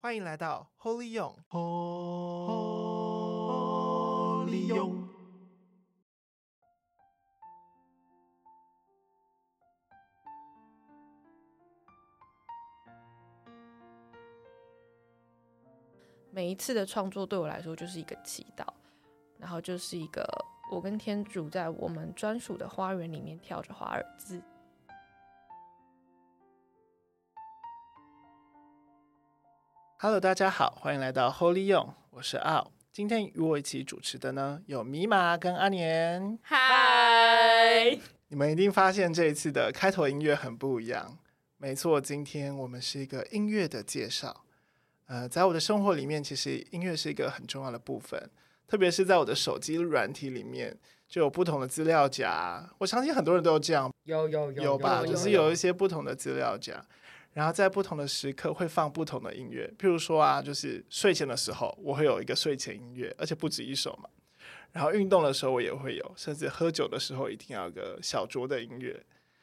歡迎來到 Holy 勇。Holy Ho, Ho, 勇。每一次的創作對我來說，就是一個祈禱，然後就是一個我跟天主在我們專屬的花園裡面跳着華爾茲。哈嘍，大家好，歡迎來到 Holy 勇，我是奧。今天與我一起主持的呢，有米瑪跟阿年。嗨！你們一定發現這一次的開頭音樂很不一樣。沒錯，今天我們是一個音樂的介紹。呃，在我的生活裡面，其實音樂是一個很重要的部分，特別是在我的手機軟體裡面就有不同的資料夾。我相信很多人都有這樣，有有有有，有吧有有有有，就是有一些不同的資料夾。然後在不同的時刻會放不同的音樂，譬如說啊，就是睡前的時候我會有一個睡前音樂，而且不止一首嘛。然後運動的時候我也會有，甚至喝酒的時候一定要有一個小酌的音樂。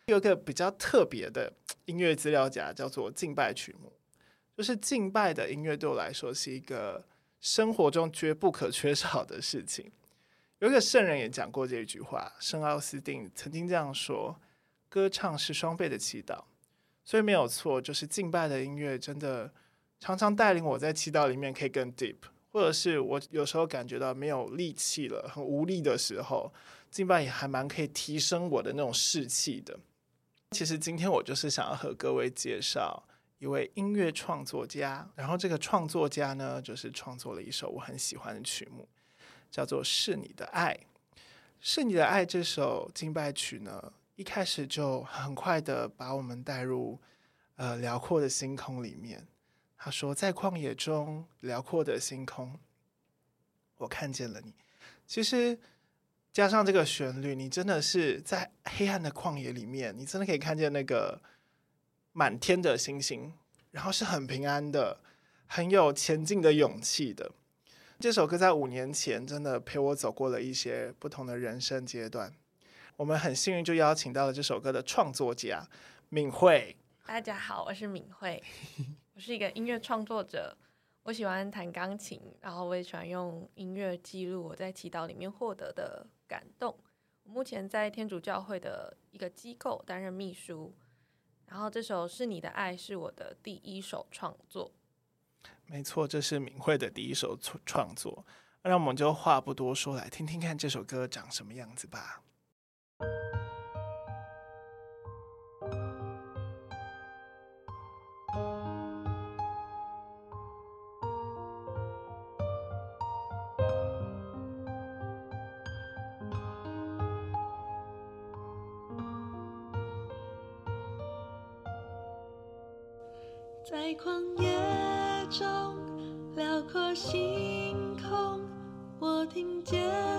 有一個比較特別的音樂資料夾叫做敬拜曲目，就是敬拜的音樂對我來說是一個生活中絕不可缺少的事情。有一個聖人也講過這一句話，聖奧斯定曾經這樣說：“歌唱是雙倍的祈禱。”所以沒有錯，就是敬拜的音樂真的常常帶領我在祈禱裡面可以更 deep，或者是我有時候感覺到沒有力氣了，很無力的時候，敬拜也還蠻可以提升我的那種士氣的。其實今天我就是想要和各位介紹一位音樂創作家，然後這個創作家呢，就是創作了一首我很喜歡的曲目，叫做《是你的愛》。是你的愛這首敬拜曲呢，一開始就很快的把我們帶入，呃，遼闊的星空裡面。他說，在曠野中，遼闊的星空，我看見了你。其實加上這個旋律，你真的是在黑暗的曠野裡面，你真的可以看見那個滿天的星星，然後是很平安的，很有前進的勇氣的。這首歌在五年前真的陪我走過了一些不同的人生階段。我們很幸運，就邀請到了這首歌的創作家敏慧。大家好，我是敏慧， 我是一個音樂創作者，我喜歡彈鋼琴，然後我也喜歡用音樂記錄我在祈禱裡面獲得的感動。我目前在天主教會的一個機構擔任秘書，然後這首《是你的愛》是我的第一首創作。沒錯，這是敏慧的第一首創創作。那、啊、讓我們就話不多說，來聽聽看這首歌長什麼樣子吧。在曠野中，遼闊星空，我聽見。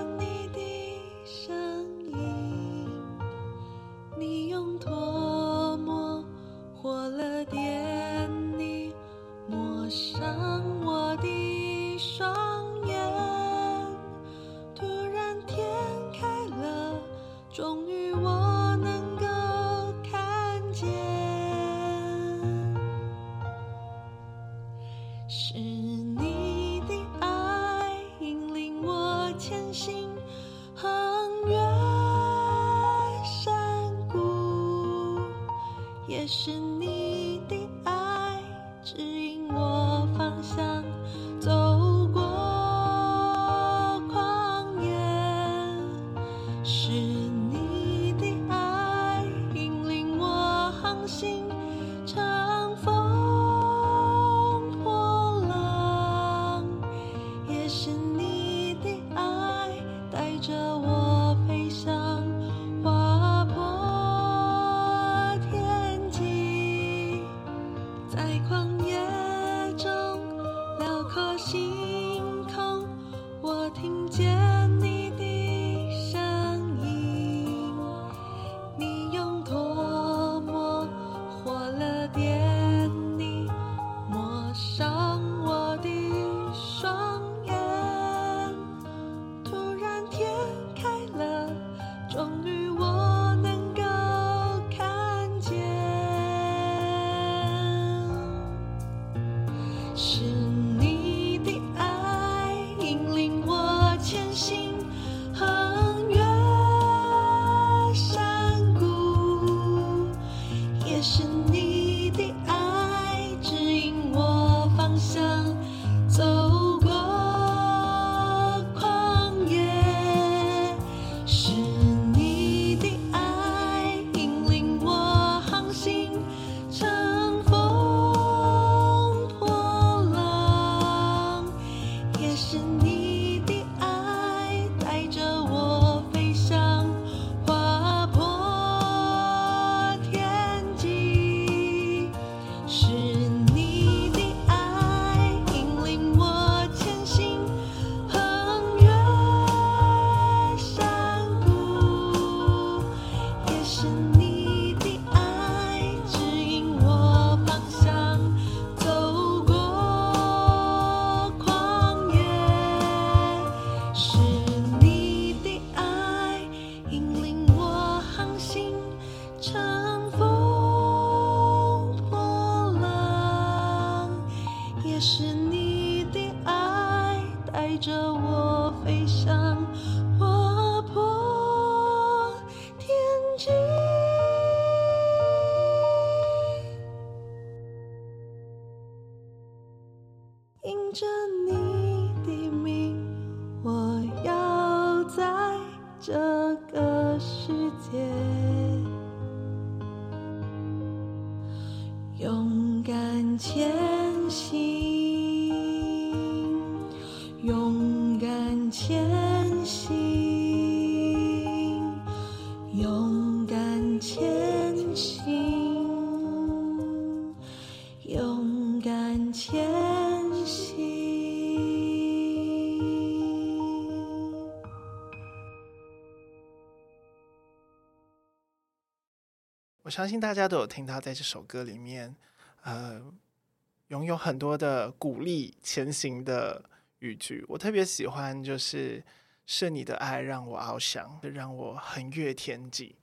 橫越山谷，也是你。我相信大家都有聽到，在這首歌裡面，呃，擁有很多的鼓勵前行的語句。我特別喜歡，就是“是你的愛讓我翱翔，讓我橫越天際。”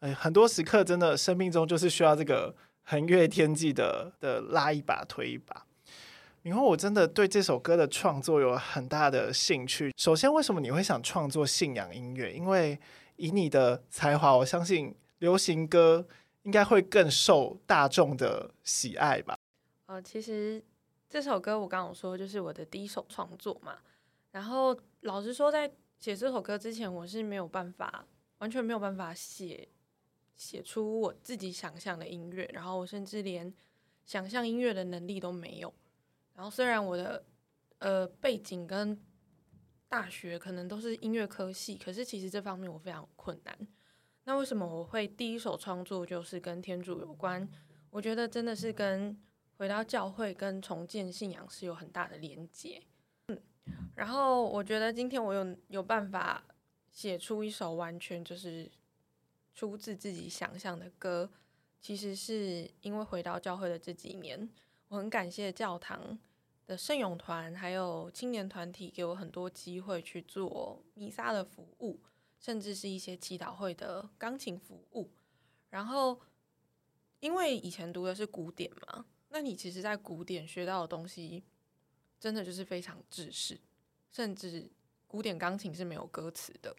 呃，哎，很多時刻真的生命中就是需要這個橫越天際的的拉一把、推一把。然後我真的對這首歌的創作有很大的興趣。首先，為什麼你會想創作信仰音樂？因為以你的才華，我相信流行歌，應該會更受大眾的喜愛吧。呃，其實這首歌我剛剛有說，就是我的第一首創作嘛。然後老實說，在寫這首歌之前，我是沒有辦法，完全沒有辦法寫寫出我自己想象的音樂。然後我甚至連想象音樂的能力都沒有。然後雖然我的呃背景跟大學可能都是音樂科系，可是，其實這方面我非常困難。那為什麼我會第一首創作就是跟天主有關？我覺得真的是跟回到教會跟重建信仰是有很大的連接。嗯，然後我覺得今天我有有辦法寫出一首完全就是出自自己想象的歌，其實是因為回到教會的這幾年，我很感謝教堂的聖詠團還有青年團體給我很多機會去做彌撒的服務。甚至是一些祈禱會的鋼琴服務，然後因為以前讀的是古典嘛，那你其實，在古典學到的東西，真的就是非常制式。甚至古典鋼琴是沒有歌詞的。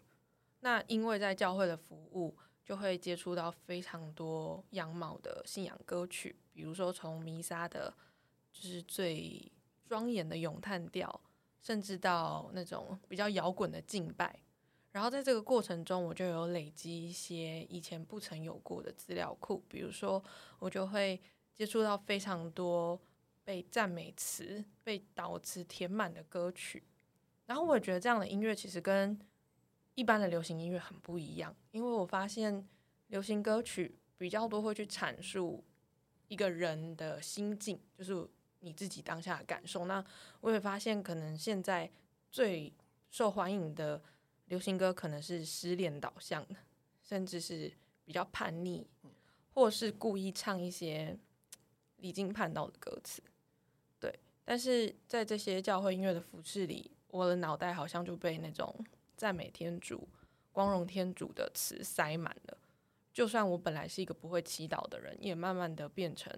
那因為在教會的服務，就會接觸到非常多樣貌的信仰歌曲，比如說從彌撒的，就是最莊嚴的詠嘆調，甚至到那種比較搖滾的敬拜。然後在這個過程中，我就有累積一些以前不曾有過的資料庫，比如說我就會接觸到非常多被讚美詞、被禱詞填滿的歌曲。然後我也覺得這樣的音樂其實跟一般的流行音樂很不一樣，因為我發現流行歌曲比較多會去闡述一個人的心境，就是你自己當下的感受。那我也發現，可能現在最受歡迎的。流行歌可能是失戀導向的，甚至是比較叛逆，或是故意唱一些離經叛道的歌詞。對，但是在這些教會音樂的服事裡，我的腦袋好像就被那種讚美天主、光榮天主的詞塞滿了。就算我本來是一個不會祈禱的人，也慢慢的變成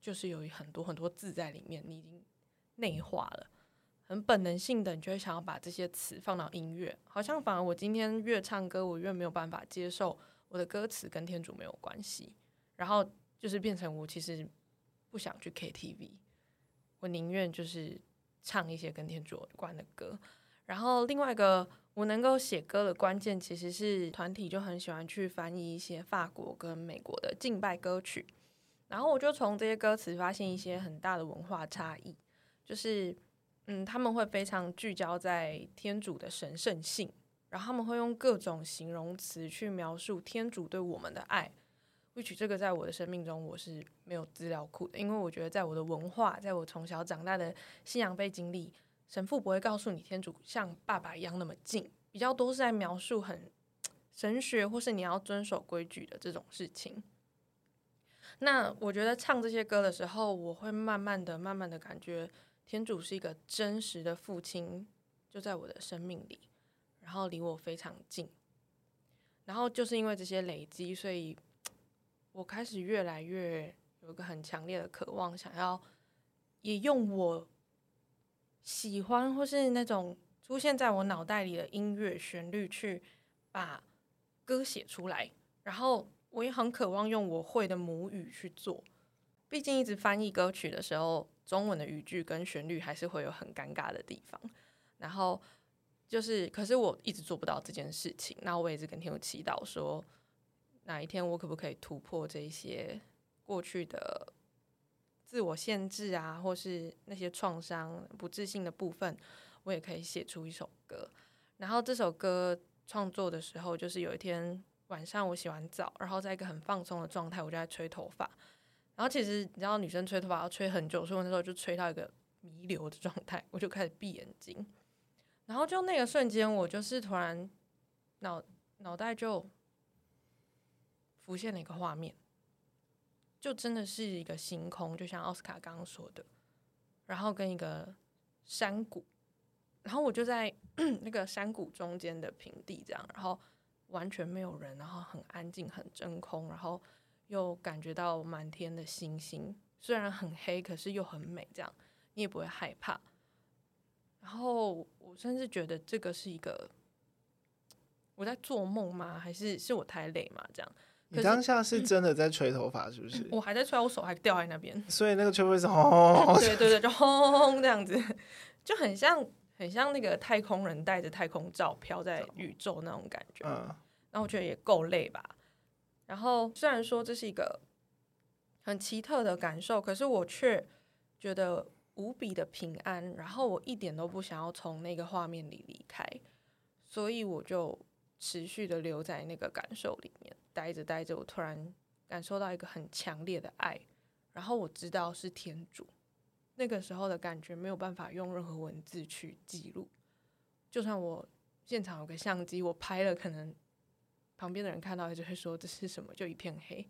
就是有很多很多字在裡面，你已經內化了。很本能性的，你就會想要把這些詞放到音樂，好像反而我今天越唱歌，我越沒有辦法接受我的歌詞跟天主沒有關係，然後就是變成我其實不想去 KTV，我寧願就是唱一些跟天主有關的歌。然後另外一個我能夠寫歌的關鍵，其實是團體就很喜歡去翻譯一些法國跟美國的敬拜歌曲，然後我就從這些歌詞發現一些很大的文化差異，就是。嗯，他們會非常聚焦在天主的神聖性，然後他們會用各種形容詞去描述天主對我們的愛。which 這個在我的生命中我是沒有資料庫的，因為我覺得在我的文化，在我從小長大的信仰背景裡，神父不會告訴你天主像爸爸一樣那麼近，比較多是在描述很神學或是你要遵守規矩的這種事情。那我覺得唱這些歌的時候，我會慢慢的、慢慢的感覺。天主是一個真實的父親，就在我的生命裡，然後離我非常近。然後就是因為這些累積，所以我開始越來越有一個很強烈的渴望，想要也用我喜歡或是那種出現在我腦袋裡的音樂旋律去把歌寫出來。然後我也很渴望用我會的母語去做，畢竟一直翻譯歌曲的時候，中文的語句跟旋律還是會有很尷尬的地方，然後就是，可是我一直做不到這件事情。那我也是跟天主祈禱說，哪一天我可不可以突破這一些過去的自我限制啊，或是那些創傷、不自信的部分，我也可以寫出一首歌。然後這首歌創作的時候，就是有一天晚上我洗完澡，然後在一個很放鬆的狀態，我就在吹頭髮。然後其實你知道，女生吹頭髮要吹很久，所以我那時候就吹到一個彌留的狀態，我就開始閉眼睛。然後就那個瞬間，我就是突然腦腦袋就浮現了一個畫面，就真的是一個星空，就像奧斯卡剛剛說的，然後跟一個山谷，然後我就在那個山谷中間的平地這樣，然後完全沒有人，然後很安靜，很真空，然後。就感覺到滿天的星星，雖然很黑，可是又很美，這樣你也不會害怕。然後我甚至覺得這個是一個我在做夢嗎？還是是我太累嘛？這樣你當下是真的在吹頭髮，是不是？我還在吹，我手還掉在那邊，所以那個吹風機轟，對對對，就轟這樣子，就很像很像那個太空人戴着太空罩飄在宇宙那種感覺。嗯，那我覺得也夠累吧。然後雖然說這是一個很奇特的感受，可是我卻覺得無比的平安。然後我一點都不想要從那個畫面裡離開，所以我就持續的留在那個感受裡面待着待着，我突然感受到一個很強烈的愛，然後我知道是天主。那個時候的感覺沒有辦法用任何文字去記錄，就算我現場有個相機，我拍了可能。旁邊的人看到，就會說這是什麼，就一片黑。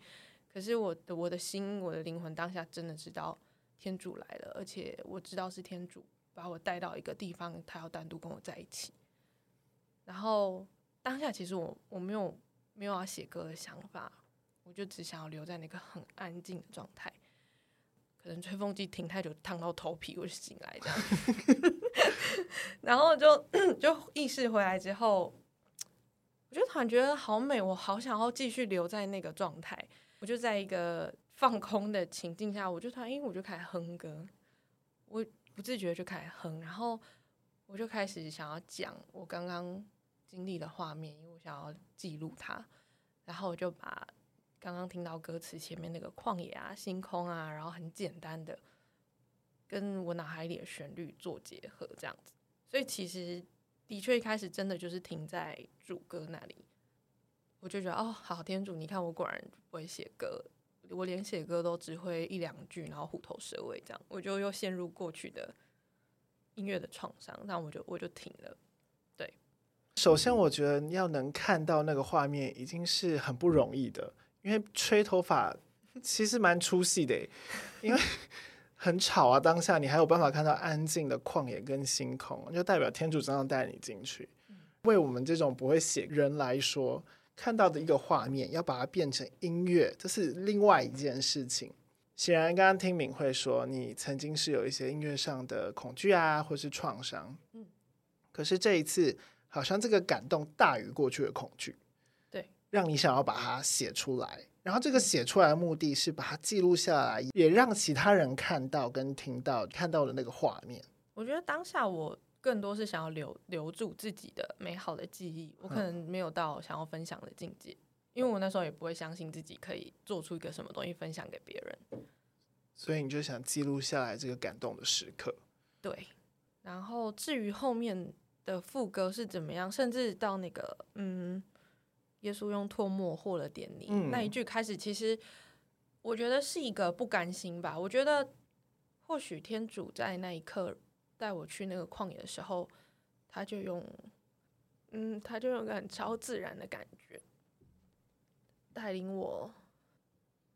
可是我的我的心，我的靈魂當下真的知道天主來了，而且我知道是天主把我帶到一個地方，他要單獨跟我在一起。然後當下其實我我沒有沒有要寫歌的想法，我就只想要留在那個很安靜的狀態。可能吹風機停太久，燙到頭皮，我就醒來這樣。 然後就就意識回來之後。我就突然覺得好，覺得好美，我好想要繼續留在那個狀態。我就在一個放空的情境下，我就突然，欸，因為我就開始哼歌，我不自覺就開始哼，然後我就開始想要講我剛剛經歷的畫面，因為我想要記錄它。然後我就把剛剛聽到歌詞前面那個曠野啊、星空啊，然後很簡單的，跟我腦海裡的旋律做結合，這樣子。所以其實。的確，一開始真的就是停在主歌那裡，我就覺得哦，好，天主，你看我果然不會寫歌，我連寫歌都只會一兩句，然後虎頭蛇尾這樣，我就又陷入過去的音樂的創傷，那我就我就停了。對，首先我覺得要能看到那個畫面已經是很不容易的，因為吹頭髮其實蠻出戲的。 因為很吵啊，當下你還有辦法看到安靜的曠野跟星空，就代表天主正要帶你進去。嗯。為我們這種不會寫人來說，看到的一個畫面，要把它變成音樂，這是另外一件事情。嗯。顯然，剛剛聽敏慧說，你曾經是有一些音樂上的恐懼啊，或是創傷。嗯。可是這一次，好像這個感動大於過去的恐懼。對，讓你想要把它寫出來。然後這個寫出來的目的是把它記錄下來，也讓其他人看到跟聽到看到的那個畫面。我覺得當下我更多是想要留留住自己的美好的記憶，我可能沒有到想要分享的境界。嗯，因為我那時候也不會相信自己可以做出一個什麼東西分享給別人。所以你就想記錄下來這個感動的時刻。對。然後至於後面的副歌是怎麼樣，甚至到那個嗯。耶穌用唾沫和了點泥，嗯，那一句開始，其實我覺得是一個不甘心吧。我覺得或許天主在那一刻帶我去那個曠野的時候，他就用，嗯，他就用一個很超自然的感覺帶領我。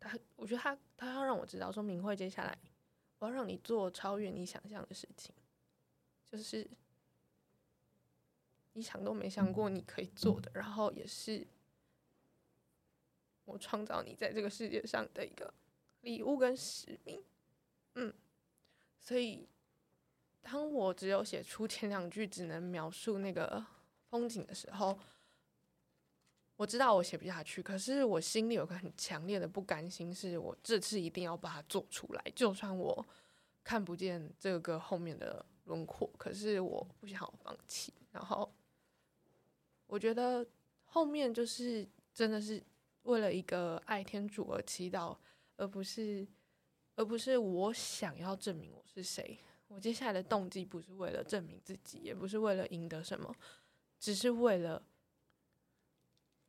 他，我覺得他，他要讓我知道，說敏慧接下來，我要讓你做超越你想象的事情，就是你想都沒想過你可以做的，嗯，然後也是。我創造你在這個世界上的一個禮物、跟使命，嗯，所以當我只有寫出前兩句，只能描述那個風景的時候，我知道我寫不下去。可是我心裡有個很強烈的不甘心，是我這次一定要把它做出來，就算我看不見這個後面的輪廓，可是我不想放棄。然後我覺得後面就是真的是。為了一個愛天主而祈禱，而不是，而不是我想要證明我是誰。我接下來的動機不是為了證明自己，也不是為了贏得什麼，只是為了，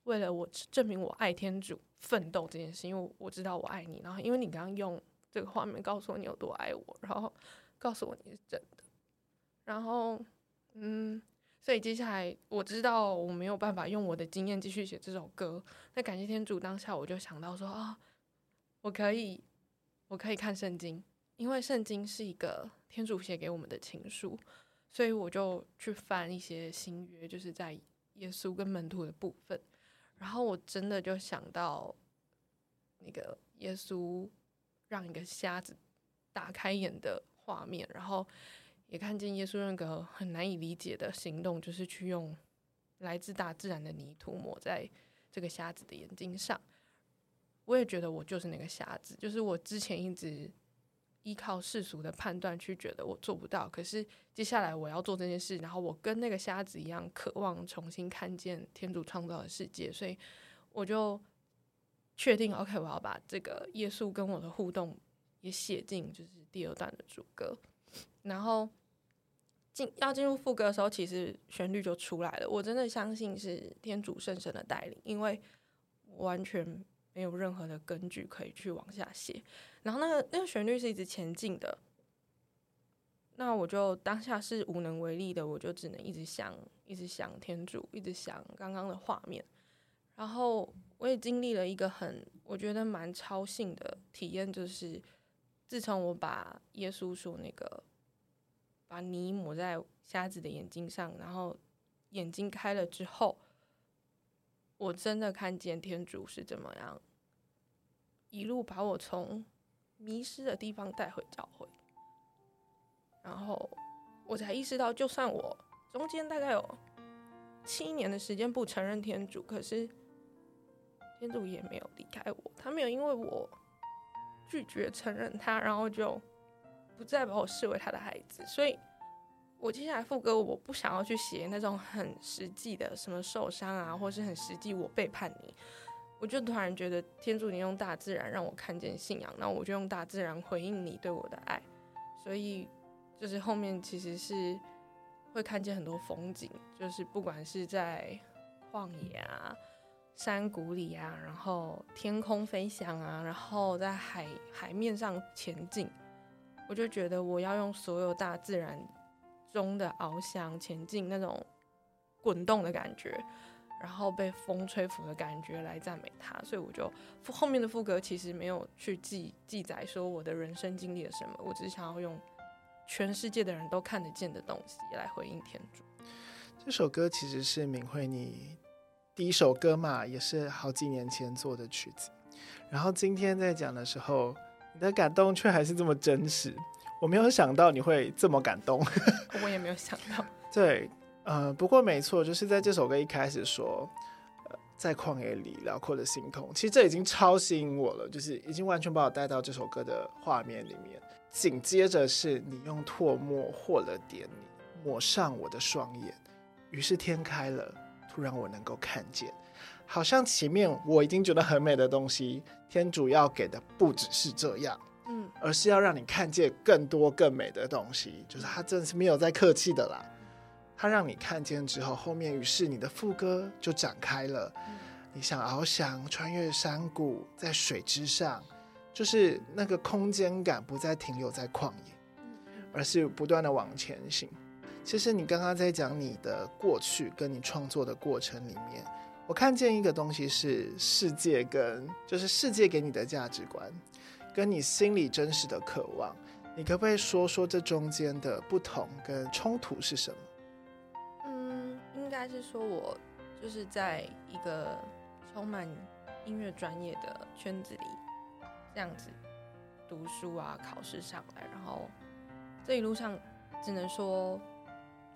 為了我證明我愛天主奮鬥這件事。因為我知道我愛你，然後因為你剛剛用這個畫面告訴我你有多愛我，然後告訴我你是真的，然後，嗯。所以接下來我知道我沒有辦法用我的經驗繼續寫這首歌。那感謝天主，當下我就想到說啊，我可以，我可以看聖經，因為聖經是一個天主寫給我們的情書，所以我就去翻一些新約，就是在耶穌跟門徒的部分。然後我真的就想到那個耶穌讓一個瞎子打開眼的畫面，然後。也看見耶穌那個很難以理解的行動，就是去用來自大自然的泥土抹在這個瞎子的眼睛上。我也覺得我就是那個瞎子，就是我之前一直依靠世俗的判斷去覺得我做不到，可是接下來我要做這件事，然後我跟那個瞎子一樣，渴望重新看見天主創造的世界，所以我就確定 OK，我要把這個耶穌跟我的互動也寫進就是第二段的主歌，然後。要進入副歌的時候，其實旋律就出來了。我真的相信是天主聖神的帶領，因為我完全沒有任何的根據可以去往下寫。然後那個那個旋律是一直前進的，那我就當下是無能為力的，我就只能一直想，一直想天主，一直想剛剛的畫面。然後我也經歷了一個很我覺得蠻超性的體驗，就是自從我把耶穌說那個。把泥抹在瞎子的眼睛上，然後眼睛開了之後，我真的看見天主是怎麼樣一路把我從迷失的地方帶回教會，然後我才意識到，就算我中間大概有七年的時間不承認天主，可是天主也沒有離開我，他沒有因為我拒絕承認他，然後就。不再把我視為他的孩子，所以我接下來副歌，我不想要去寫那種很實際的什麼受傷啊，或是很實際我背叛你，我就突然覺得天主，你用大自然讓我看見信仰，那我就用大自然回應你對我的愛，所以就是後面其實是會看見很多風景，就是不管是在曠野啊、山谷裡啊，然後天空飛翔啊，然後在海海面上前進。我就覺得我要用所有大自然中的翱翔、前進那種滾動的感覺，然後被風吹拂的感覺來讚美他，所以我就後面的副歌其實沒有去記記載說我的人生經歷了什麼，我只是想要用全世界的人都看得見的東西來回應天主。這首歌其實是敏慧你第一首歌嘛，也是好幾年前做的曲子，然後今天在講的時候。你的感動卻還是這麼真實，我沒有想到你會這麼感動， 我也沒有想到。對，呃，不過沒錯，就是在這首歌一開始說，呃，在曠野裡遼闊的星空，其實這已經超吸引我了，就是已經完全把我帶到這首歌的畫面裡面。緊接着是你用唾沫和了點泥，你抹上我的雙眼，於是天開了，突然我能夠看見。好像前面我已經覺得很美的東西，天主要給的不只是這樣，嗯、而是要讓你看見更多更美的東西，就是他真的是沒有在客氣的啦，他、嗯、讓你看見之後，後面於是你的副歌就展開了，嗯、你想翱翔，穿越山谷，在水之上，就是那個空間感不再停留在曠野，而是不斷的往前行。其實你剛剛在講你的過去跟你創作的過程裡面。我看見一個東西是世界跟，就是世界給你的價值觀，跟你心裡真實的渴望，你可不可以說說這中間的不同跟衝突是什麼？嗯，應該是說我就是在一個充滿音樂專業的圈子裡，這樣子讀書啊、考試上來，然後這一路上只能說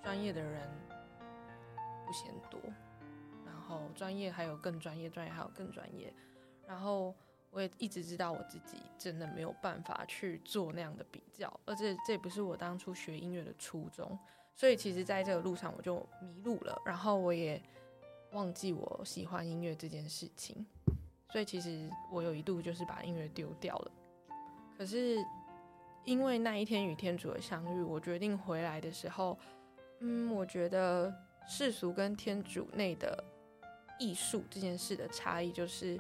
專業的人不嫌多。哦，專業還有更專業，專業還有更專業。然後我也一直知道我自己真的沒有辦法去做那樣的比較，而且這也不是我當初學音樂的初衷。所以其實，在這個路上我就迷路了。然後我也忘記我喜歡音樂這件事情。所以其實我有一度就是把音樂丟掉了。可是因為那一天與天主的相遇，我決定回來的時候，嗯，我覺得世俗跟天主內的，藝術這件事的差異就是，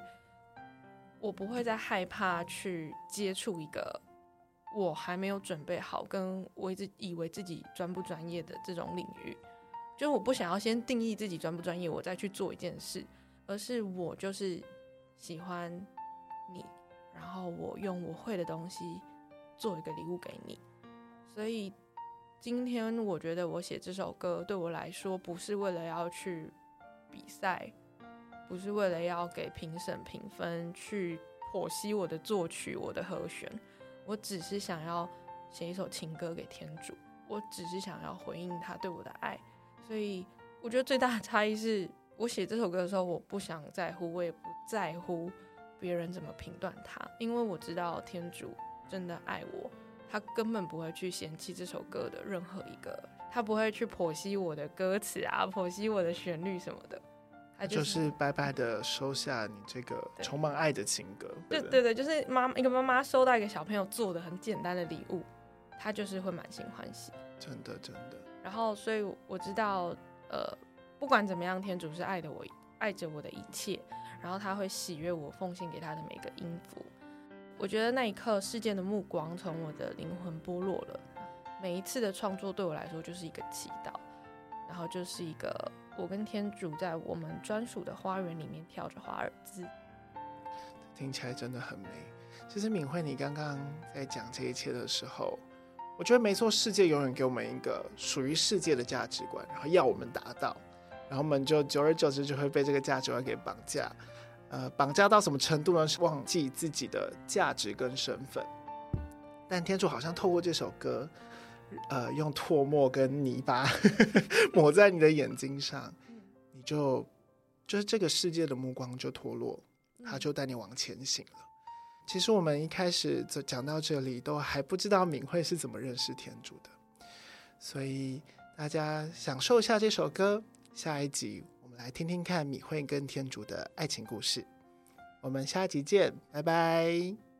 我不會再害怕去接觸一個我還沒有準備好，跟我一直以為自己專不專業的這種領域，就是我不想要先定義自己專不專業，我再去做一件事，而是我就是喜歡你，然後我用我會的東西做一個禮物給你。所以今天我覺得我寫這首歌對我來說，不是為了要去比賽，不是為了要給評審評分去剖析我的作曲、我的和弦，我只是想要寫一首情歌給天主，我只是想要回應他對我的愛。所以，我覺得最大的差異是，我寫這首歌的時候，我不想在乎，我也不在乎別人怎麼評斷他，因為我知道天主真的愛我，他根本不會去嫌棄這首歌的任何一個，他不會去剖析我的歌詞啊，剖析我的旋律什麼的。就是白白的收下你這個充滿愛的情歌。對對，對對對，就是媽一個媽媽收到一個小朋友做的很簡單的禮物，他就是會滿心歡喜，真的真的。然後，所以我知道，呃，不管怎麼樣，天主是愛的，我愛着我的一切，然後他會喜悅我奉獻給他的每個音符。我覺得那一刻，世界的目光從我的靈魂剝落了。每一次的創作對我來說，就是一個祈禱，然後就是一個。我跟天主在我們專屬的花園裡面跳着華爾茲，聽起來真的很美。其實敏慧，你剛剛在講這一切的時候，我覺得沒錯，世界永遠給我們一個屬於世界的價值觀，然後要我們達到，然後我們就久而久之就會被這個價值觀給綁架。呃，綁架到什麼程度呢？是忘記自己的價值跟身份。但天主好像透過這首歌。呃，用唾沫跟泥巴呵呵抹在你的眼睛上，你就就是這個世界的目光就脫落，他就帶你往前行了。其實我們一開始就講到這裡，都還不知道敏慧是怎麼認識天主的，所以大家享受一下這首歌。下一集我們來聽聽看敏慧跟天主的愛情故事。我們下集見，拜拜。